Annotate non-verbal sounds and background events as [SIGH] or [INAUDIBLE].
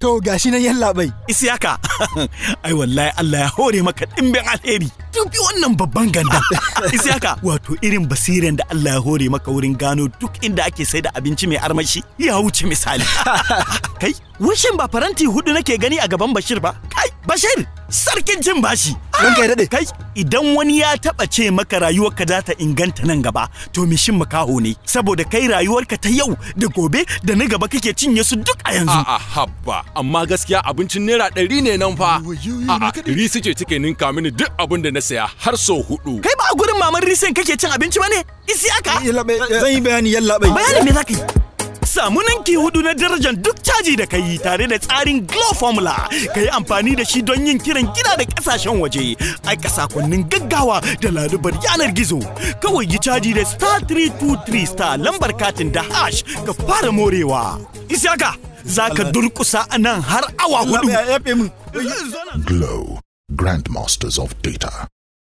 To gashi nan yallaɓai. ka? [LAUGHS] ai wallahi Allah ya hore maka ɗimbin alheri. dubi wannan babban ganda [LAUGHS] haka? wato irin basiran da Allah ya hore maka wurin gano duk inda ake sai da abinci mai armashi ya wuce misali [LAUGHS] kai wushin ba faranti hudu nake gani a gaban Bashir ba kai Bashir sarkin jin bashi ranka ya kai idan wani ya taba ce maka rayuwarka za ta inganta nan gaba to mishin makaho ne saboda kai rayuwarka ta yau da gobe da na gaba kake cinye su duk a yanzu a'a habba amma gaskiya abincin naira ɗari ne nan fa a'a ɗari suke cike ninka mini duk abin da na na saya har so hudu. Kai ba a gurin maman risen kake cin abinci ba ne? Isi aka? Zan yi bayani yalla bai. Bayani me za yi? Samu ninki hudu na darajar duk caji da kai tare da tsarin Glow Formula. Ka yi amfani da shi don yin kiran gida da kasashen waje. Aika sakonnin gaggawa da ladubar yanar gizo. Kawai yi caji da star 323 star lambar katin da hash ka fara morewa. Isi aka? Za ka durkusa a nan har awa hudu. Glow, Grandmasters of Data.